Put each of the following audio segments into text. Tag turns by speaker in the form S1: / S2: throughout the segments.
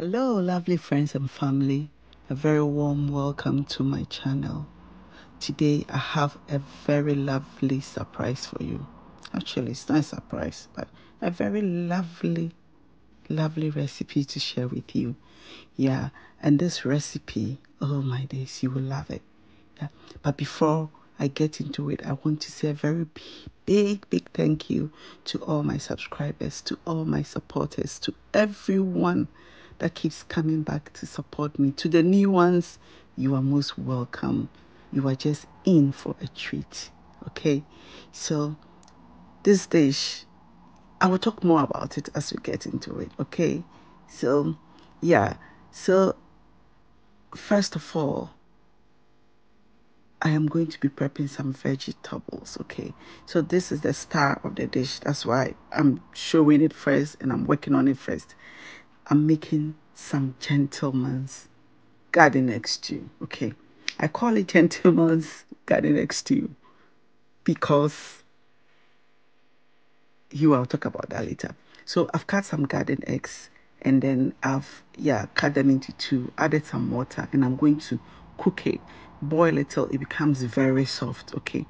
S1: Hello, lovely friends and family. A very warm welcome to my channel. Today, I have a very lovely surprise for you. Actually, it's not a surprise, but a very lovely, lovely recipe to share with you. Yeah, and this recipe, oh my days, you will love it. Yeah. But before I get into it, I want to say a very big, big thank you to all my subscribers, to all my supporters, to everyone that keeps coming back to support me. To the new ones, you are most welcome. You are just in for a treat. Okay? So, this dish, I will talk more about it as we get into it. Okay? So, yeah. So, first of all, I am going to be prepping some vegetables, okay? So this is the star of the dish. That's why I'm showing it first and I'm working on it first. I'm making some gentleman's garden you. Okay. I call it gentleman's garden you because you I'll talk about that later. So I've cut some garden eggs and then I've yeah cut them into two, added some water, and I'm going to cook it, boil it till it becomes very soft. Okay,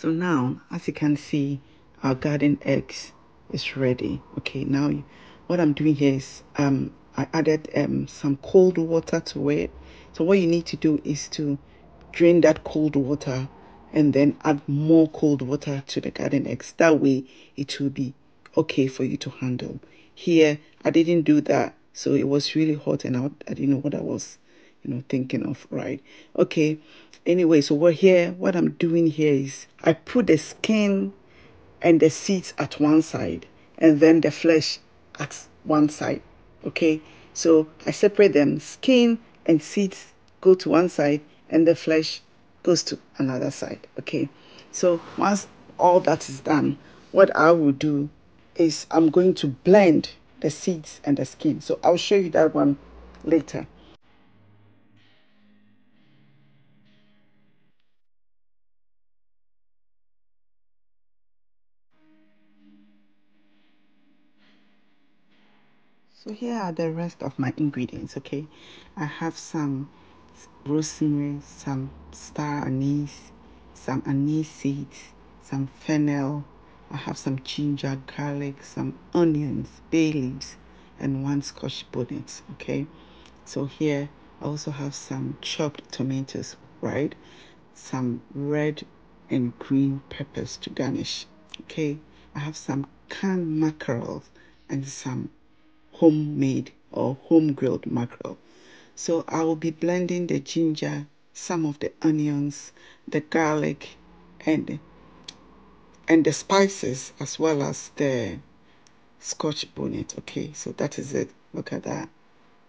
S1: so now as you can see our garden eggs is ready okay now what i'm doing here is um i added um some cold water to it so what you need to do is to drain that cold water and then add more cold water to the garden eggs that way it will be okay for you to handle here i didn't do that so it was really hot and I, I didn't know what i was you know thinking of right okay anyway so we're here what i'm doing here is i put the skin and the seeds at one side and then the flesh at one side okay so i separate them skin and seeds go to one side and the flesh goes to another side okay so once all that is done what i will do is i'm going to blend the seeds and the skin so i'll show you that one later so here are the rest of my ingredients okay i have some rosemary some star anise some anise seeds some fennel i have some ginger garlic some onions bay leaves and one scotch bonnet okay so here i also have some chopped tomatoes right some red and green peppers to garnish okay i have some canned mackerel and some homemade or home grilled mackerel. So I will be blending the ginger, some of the onions, the garlic, and and the spices as well as the scotch bonnet. Okay, so that is it. Look at that,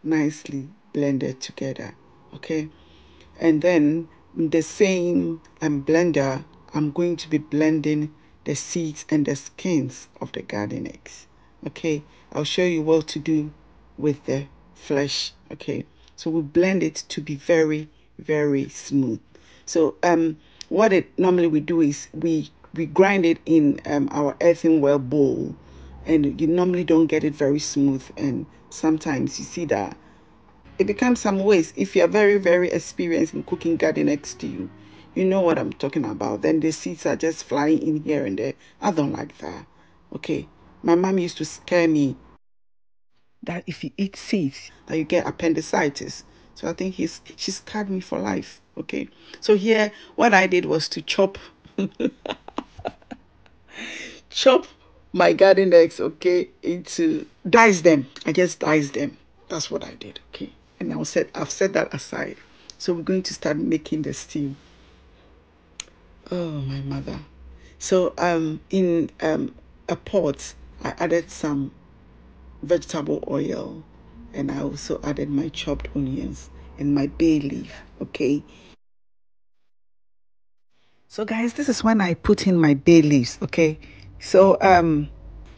S1: nicely blended together. Okay, and then the same um, blender, I'm going to be blending the seeds and the skins of the garden eggs. Okay, I'll show you what to do with the flesh. Okay, so we blend it to be very, very smooth. So um, what it normally we do is we we grind it in um, our earthenware bowl, and you normally don't get it very smooth. And sometimes you see that it becomes some waste. If you are very, very experienced in cooking garden next to you, you know what I'm talking about. Then the seeds are just flying in here and there. I don't like that. Okay, my mom used to scare me that if you eat seeds, that you get appendicitis. So I think he's she scared me for life. Okay. So here, what I did was to chop, chop my garden eggs. Okay, into dice them. I just dice them. That's what I did. Okay. And now set I've set that aside. So we're going to start making the stew. Oh my mother. So um in um a pot I added some vegetable oil and I also added my chopped onions and my bay leaf, okay? So guys, this is when I put in my bay leaves, okay? So um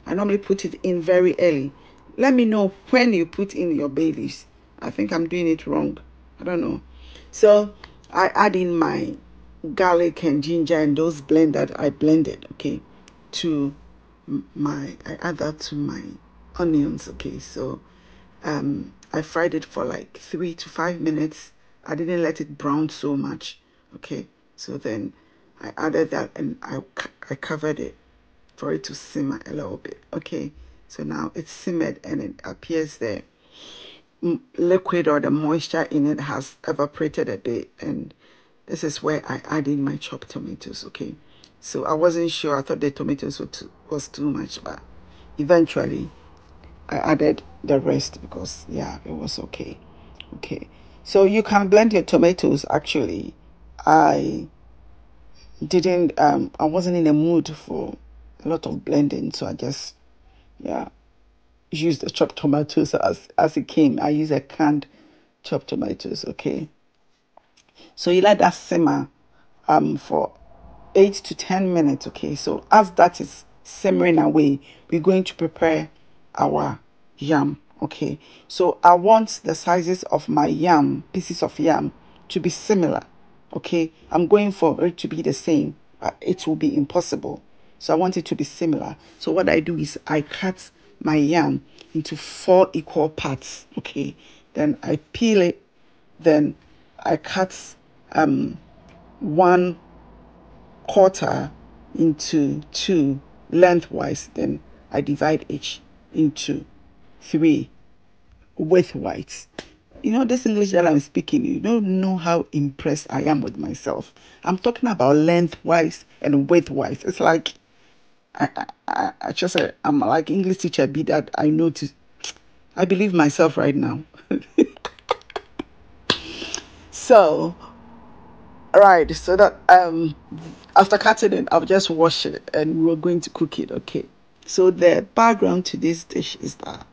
S1: I normally put it in very early. Let me know when you put in your bay leaves. I think I'm doing it wrong. I don't know. So I add in my garlic and ginger and those blend that I blended, okay, to my, I add that to my onions, okay? So um, I fried it for like three to five minutes. I didn't let it brown so much, okay? So then I added that and I, I covered it for it to simmer a little bit, okay? So now it's simmered and it appears the liquid or the moisture in it has evaporated a bit and this is where I add in my chopped tomatoes, okay? So I wasn't sure. I thought the tomatoes were too, was too much, but eventually I added the rest because yeah, it was okay. Okay. So you can blend your tomatoes actually. I didn't um I wasn't in a mood for a lot of blending, so I just yeah used the chopped tomatoes as as it came. I used a canned chopped tomatoes, okay. So you let that simmer um for 8 to 10 minutes okay so as that is simmering away we're going to prepare our yam okay so i want the sizes of my yam pieces of yam to be similar okay i'm going for it to be the same but it will be impossible so i want it to be similar so what i do is i cut my yam into four equal parts okay then i peel it then i cut um one quarter into 2 lengthwise, then I divide each into 3 widthwise. You know, this English that I'm speaking, you don't know how impressed I am with myself. I'm talking about lengthwise and widthwise. It's like, I, I, I just, I'm like English teacher be that I know to, I believe myself right now. so, right so that um after cutting it i'll just wash it and we're going to cook it okay so the background to this dish is that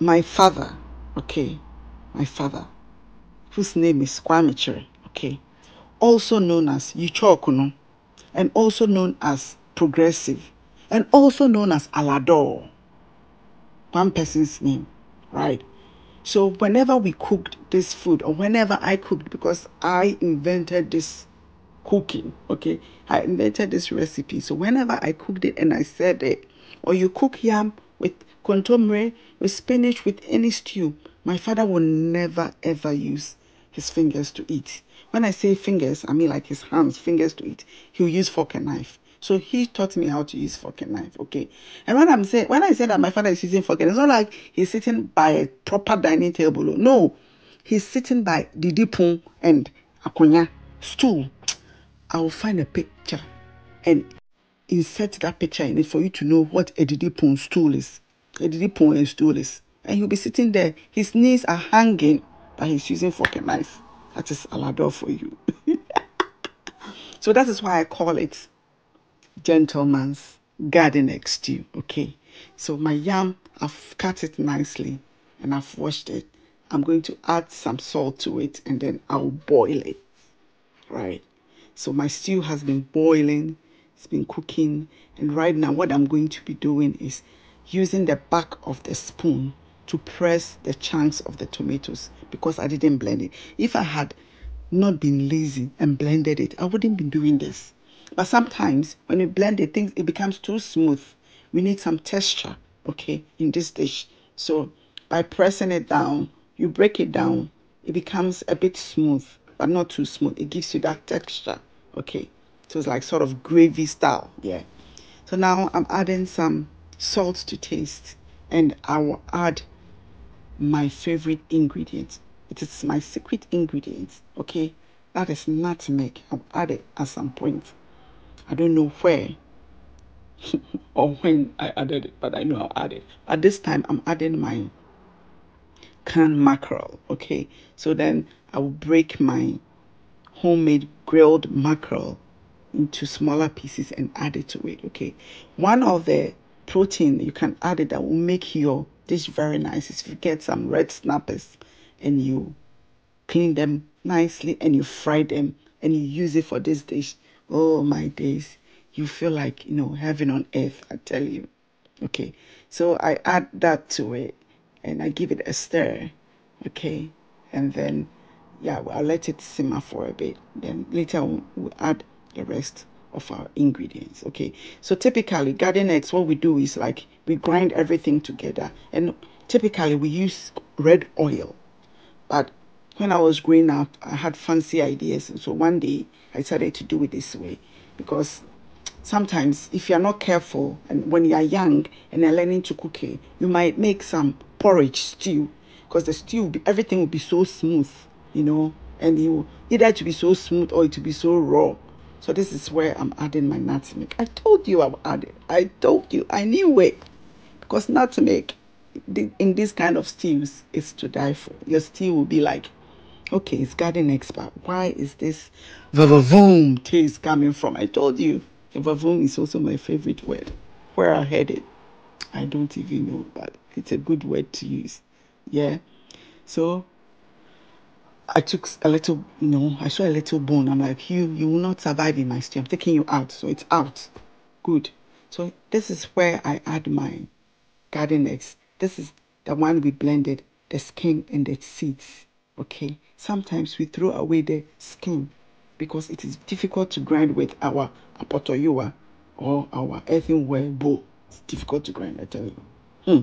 S1: my father okay my father whose name is kwame okay also known as yuchokuno and also known as progressive and also known as alador one person's name right so whenever we cooked this food, or whenever I cooked, because I invented this cooking, okay, I invented this recipe. So whenever I cooked it and I said it, or you cook yam with contomere, with spinach, with any stew, my father will never ever use his fingers to eat. When I say fingers, I mean like his hands, fingers to eat. He'll use fork and knife. So he taught me how to use fucking knife. Okay. And when I'm saying when I say that my father is using fucking, it's not like he's sitting by a proper dining table. No. He's sitting by the dipun and akonya stool. I will find a picture and insert that picture in it for you to know what a didipun stool is. A didipun and stool is. And he'll be sitting there. His knees are hanging, but he's using fucking knife. That is do for you. so that is why I call it gentleman's garden next to you. Okay. So my yam, I've cut it nicely and I've washed it. I'm going to add some salt to it and then I'll boil it. Right. So my stew has been boiling, it's been cooking, and right now what I'm going to be doing is using the back of the spoon to press the chunks of the tomatoes because I didn't blend it. If I had not been lazy and blended it, I wouldn't be doing this. But sometimes when we blend the things, it becomes too smooth. We need some texture, okay, in this dish. So by pressing it down, you break it down, it becomes a bit smooth, but not too smooth. It gives you that texture, okay. So it's like sort of gravy style, yeah. So now I'm adding some salt to taste, and I will add my favorite ingredient. It is my secret ingredient, okay? That is nutmeg. I'll add it at some point. I don't know where or when I added it, but I know I'll add it. But this time I'm adding my canned mackerel, okay? So then I will break my homemade grilled mackerel into smaller pieces and add it to it, okay? One of the protein you can add it that will make your dish very nice is if you get some red snappers and you clean them nicely and you fry them and you use it for this dish Oh, my days. You feel like, you know, heaven on earth, I tell you. Okay. So I add that to it and I give it a stir. Okay. And then, yeah, well, I'll let it simmer for a bit. Then later we we'll add the rest of our ingredients okay so typically garden eggs what we do is like we grind everything together and typically we use red oil but when I was growing up, I had fancy ideas. And so one day I decided to do it this way because sometimes if you're not careful and when you're young and you're learning to cook, it, you might make some porridge stew because the stew, everything will be so smooth, you know, and you either to be so smooth or to be so raw. So this is where I'm adding my nutmeg. I told you I would add it. I told you I knew it because nutmeg in this kind of stews is to die for. Your stew will be like Okay, it's garden expert. Why is this vavavoom taste coming from? I told you, vavavoom is also my favorite word. Where I heard it, I don't even know, but it's a good word to use. Yeah. So I took a little, you know, I saw a little bone. I'm like, you, you will not survive in my stream. I'm taking you out, so it's out. Good. So this is where I add my garden eggs. This is the one we blended, the skin and the seeds okay sometimes we throw away the skin because it is difficult to grind with our apotoyua or our earthenware bowl it's difficult to grind i tell you hmm.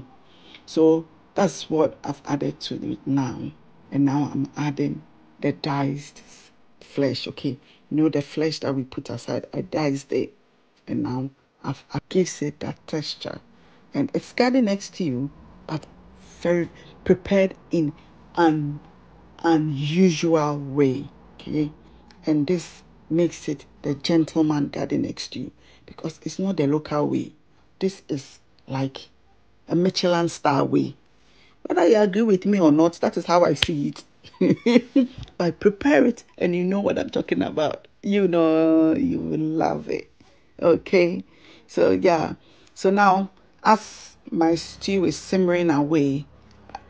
S1: so that's what i've added to it now and now i'm adding the diced flesh okay you know the flesh that we put aside i diced it and now i've I gives it that texture and it's standing next to you but very prepared in an unusual way. Okay. And this makes it the gentleman daddy next to you because it's not the local way. This is like a Michelin star way. Whether you agree with me or not, that is how I see it. I prepare it and you know what I'm talking about. You know, you will love it. Okay. So, yeah. So now, as my stew is simmering away,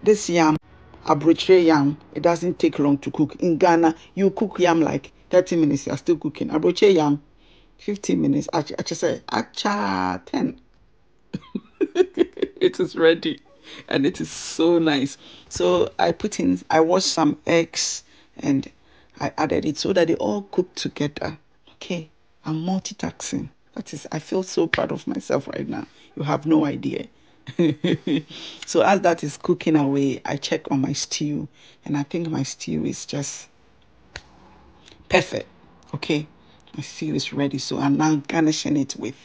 S1: this yam abrochire yam, it doesn't take long to cook. In Ghana, you cook yam like 30 minutes, you're still cooking. Abrochire yam, 15 minutes. I, just say, acha, 10. it is ready and it is so nice. So I put in, I washed some eggs and I added it so that they all cook together. Okay, I'm multitasking. That is, I feel so proud of myself right now. You have no idea. so as that is cooking away, I check on my stew, and I think my stew is just perfect. Okay, my stew is ready. So I'm now garnishing it with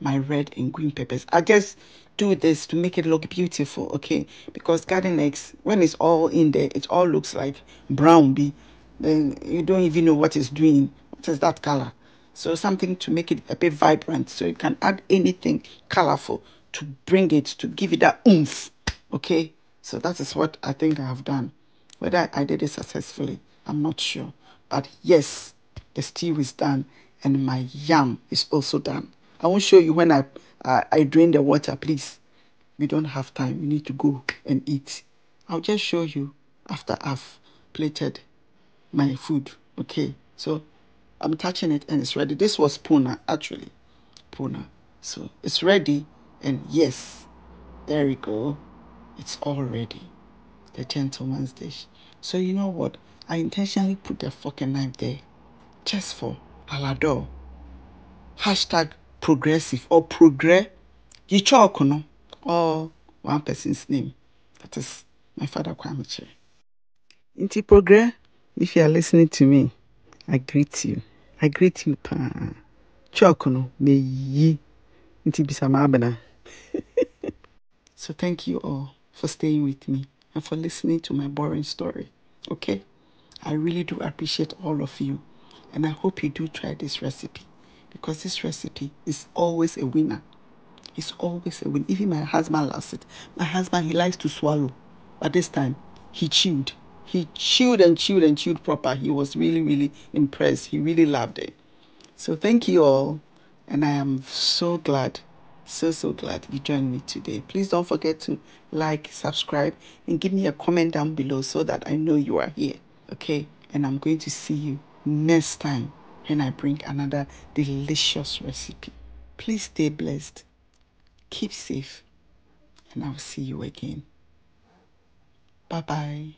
S1: my red and green peppers. I just do this to make it look beautiful, okay? Because garden eggs, when it's all in there, it all looks like brown bee. Then you don't even know what it's doing. What is that color? So something to make it a bit vibrant. So you can add anything colorful to bring it, to give it that oomph. Okay? So that is what I think I have done. Whether I did it successfully, I'm not sure. But yes, the stew is done and my yam is also done. I won't show you when I, uh, I drain the water, please. We don't have time. You need to go and eat. I'll just show you after I've plated my food. Okay, so I'm touching it and it's ready. This was Puna, actually. Puna. So it's ready. And yes, there we go. It's all ready. The gentleman's dish. So you know what? I intentionally put the fucking knife there. Just for Alado. Hashtag progressive or progress. You chalk no. Or one person's name. That is my father Kwame Inti progress, if you are listening to me, I greet you. I greet you pa. Chalk no me ye. Inti bisa mabena. so thank you all for staying with me and for listening to my boring story. Okay? I really do appreciate all of you. And I hope you do try this recipe because this recipe is always a winner. It's always a win. Even my husband loves it. My husband, he likes to swallow. But this time, he chewed. He chewed and chewed and chewed proper. He was really, really impressed. He really loved it. So thank you all. And I am so glad so, so glad you joined me today. Please don't forget to like, subscribe, and give me a comment down below so that I know you are here. Okay? And I'm going to see you next time when I bring another delicious recipe. Please stay blessed, keep safe, and I'll see you again. Bye bye.